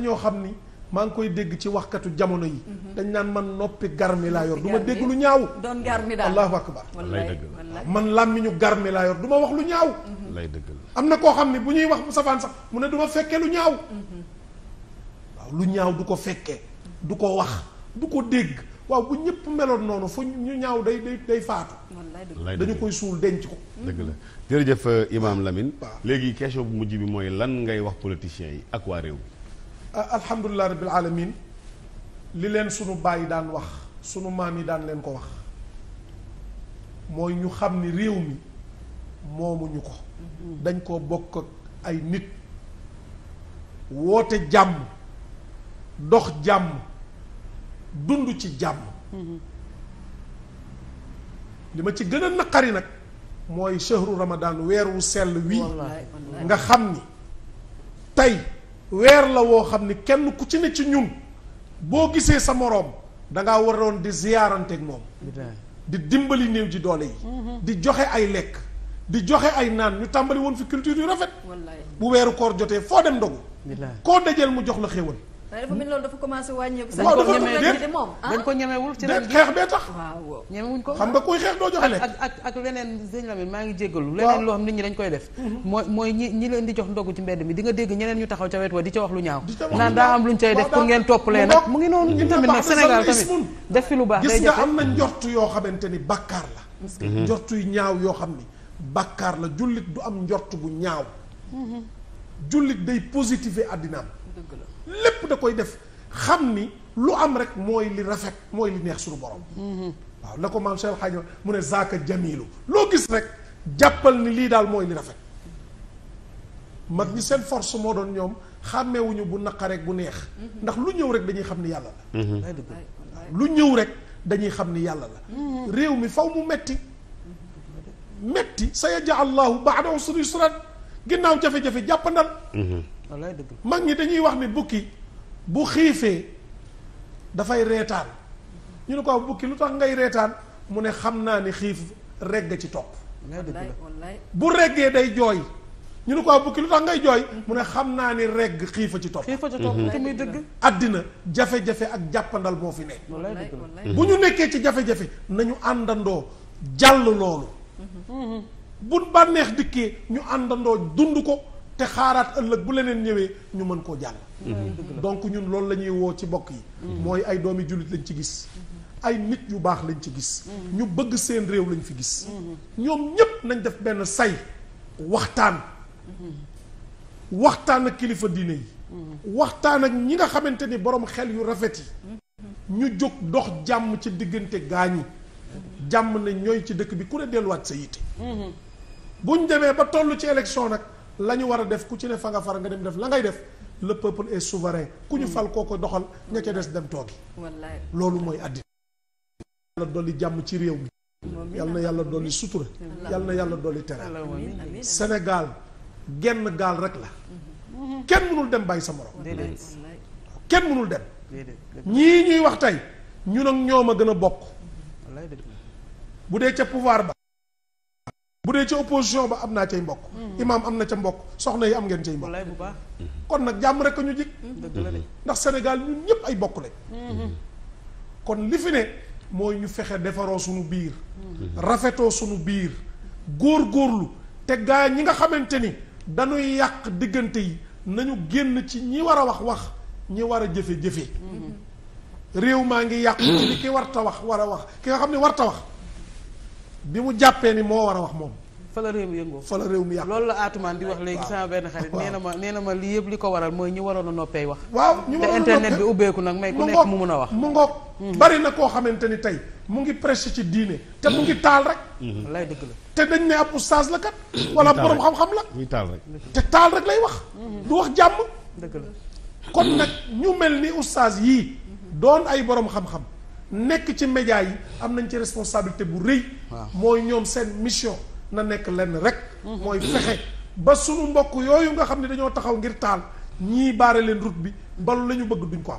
ñoo xam ni maa ngi koy dégg ci waxkatu jamono yi. Mhm. dañu naan man noppi garmi laa yor du ma dégg lu ñaaw. doon garmi daal allahu akbar man làmmiñu garmi laa yor du ma wax lu ñaaw. Mhm. lay dëgg la am na koo xam ne bu ñuy wax mu safaan sax mu ne du ma lu ñaaw. Mhm. lu ñaaw du ko fekkee. du ko wax du ko dégg waaw bu ñëpp meloon noonu fu ñu ñaaw day day day faatu. dañu koy suul denc ko. dëgg la jërëjëf euh, Imaam Lamine. léegi question bu mujj bi mooy lan ngay wax politiciens yi ak waa réew Ah, alhamdulilah rabbil alamin li leen sunu baay daan wax sunu maam yi daan leen ko wax mooy ñu xam ni réew mi moomuñu ko dañ koo bokk ak ay nit woote jàmm dox jàmm dund ci jàmm li ma ci gën a naqari nag mooy shahru ramadan weer wu sell wii nga xam ni tey weer la woo xam ni kenn ku ci ne ci ñun boo gisee sa moroom da ngaa waroon di ziyaaranteeg moom di dimbali néew ji doole yi di joxe ay lekk di joxe ay naan ñu tàmbali woon fi culture yu rafet bu weeru koor jotee foo dem ndogu koo dajeel mu jox la xéewal waaye dafa mel loolu dafa commencé wàññeeku. sax ko ñemee moom ah. dañ ko ñemewul ci nag xeex bee tax. ñemewuñ ko. xam nga kuy xeex doo joxe lekk ak ak ak leneen sëñ Lamine maa ngi jéggalu. leneen loo xam nit ñi dañ koy def. Mhm. mooy ñi ñi leen di jox ndogu ci mbedd mi di nga dégg ñeneen ñu taxaw ca wet wa di ca wax lu ñaaw. naan daa am luñ cay def pour ngeen topp leen nag mu ngi noonu ñu tamit nag Sénégal tamit def fi lu baax day gis nga am na njort yoo xamante ni bàkkaar la. Mhm. njort yu ñaaw yoo xam ni bàkkaar la jullit du am njort bu ñaaw mhm. jullit day positiver àddinaam lépp da koy def xam ni lu am rek mooy li rafet mooy li neex suñu borom. Mhm. waaw na ko maam Cheikh Xaaji mu ne zaaka jamilu loo gis rek jàppal ni lii daal mooy li rafet. mag ñi seen force moo doon ñoom xàmmewuñu bu naqaree bu neex. Mhm. ndax lu ñëw rek dañuy xam ni yàlla la. Mhm. lu ñëw rek dañuy xam ni yàlla la. réew mi faw mu metti metti sa yaja allahu baada usri yusran ginnaaw jafe-jafe jàppandal. wallaay dëgg mag ñi dañuy wax ni bukki bu xiifee dafay reetaan ñu ne ko bukki lu tax ngay reetaan mu ne xam naa ni xiif regg ci topp bu reggee day jooy ñu ne ko bukki lu tax ngay jooy mu ne xam naa ni regg xiifa ci topp xiifa ci topp te mhm. muy dëgg àddina jafe-jafe ak jàppandal moo fi ne bu ñu nekkee ci jafe-jafe nañu àndandoo jàll loolu mhm. bu bànneex dikkee ñu àndandoo dund ko te xaaraat ëllëg bu leneen ñëwee ñu mën koo jàll donc ñun loolu la ñuy woo ci bokk yi mooy ay doomi jullit lañ ci gis ay nit yu baax lañ ci gis ñu bëgg seen réew lañ fi gis ñoom ñépp nañ def benn say waxtaan waxtaan ak kilifa diine yi waxtaan ak ñi nga xamante ni borom xel yu rafet yi ñu jóg dox jàmm ci diggante gaañi jàmm ne ñooy ci dëkk bi ku ne delluwaat sa yitte mm-hmm. buñ demee ba toll ci élection nag la ñu war def ku ci ne fa nga far nga dem def la ngay def le peuple est souverain ku ñu fal koo ko doxal ña ca des dem toogi loolu mooy àddina yàlla dolli jàmm ci réew mi yàlla na yàlla dolli sutura yàlla na yàlla dolli tere Sénégal genn gaal rek la mhm. kenn mënul dem bàyyi sa morom kenn mënul dem ñii ñuy wax tey ñu ak ñoom a gën a bokk bu dee ca pouvoir ba bu dee ci opposition ba am naa cay mbokk hmm. imaam am na ca mbokk soxna yi am ngeen cay mbokk kon nag jàmm rekk a ñu jig hmm, ndax Sénégal ñun ñëpp ay bokk lañ hmm. kon li fi ne mooy ñu fexe defaroo suñu biir rafetoo suñu biir góor-góorlu te gaa ñi nga xamante ni dañuy yàq diggante yi nañu génn ci ñi war a wax wax ñi war a jëfe jëfe réew maa ngi yàq ci ni ki war wax war a wax ki nga xam ne war ta wax bi mu jàppee ni moo war a wax moom. fa la réew mi yëngoo fa la réew mi yàqu. loolu la Atoumane di wax léegi sama benn xarit. waaw nee na ma nee na ma lii yëpp li ko waral mooy ñu waroon a noppee wax. waaw ñu waroon a noppee te internet bi ubbeeku nag may ku nekk mu mun a wax. mu ngoog mhm. bari na koo xamante ni tey mu ngi prêché ci diine. te mu ngi taal rek. Mhm. lay dëgg la te dañ ne ab la kat. wala borom xam-xam la. muy taal rek te taal rek lay wax. Mhm. du wax jàmm. dëgg la kon nag ñu mel ni oustaz yii doon ay borom xam-xam nekk ci média yi am nañ ci responsabilité bu rëy. mooy ñoom seen mission na nekk lenn rek. mooy fexe ba sunu mbokk yooyu nga xam ne dañoo taxaw ngir taal ñii baare leen route bi balu la ñu bëgg duñ ko am.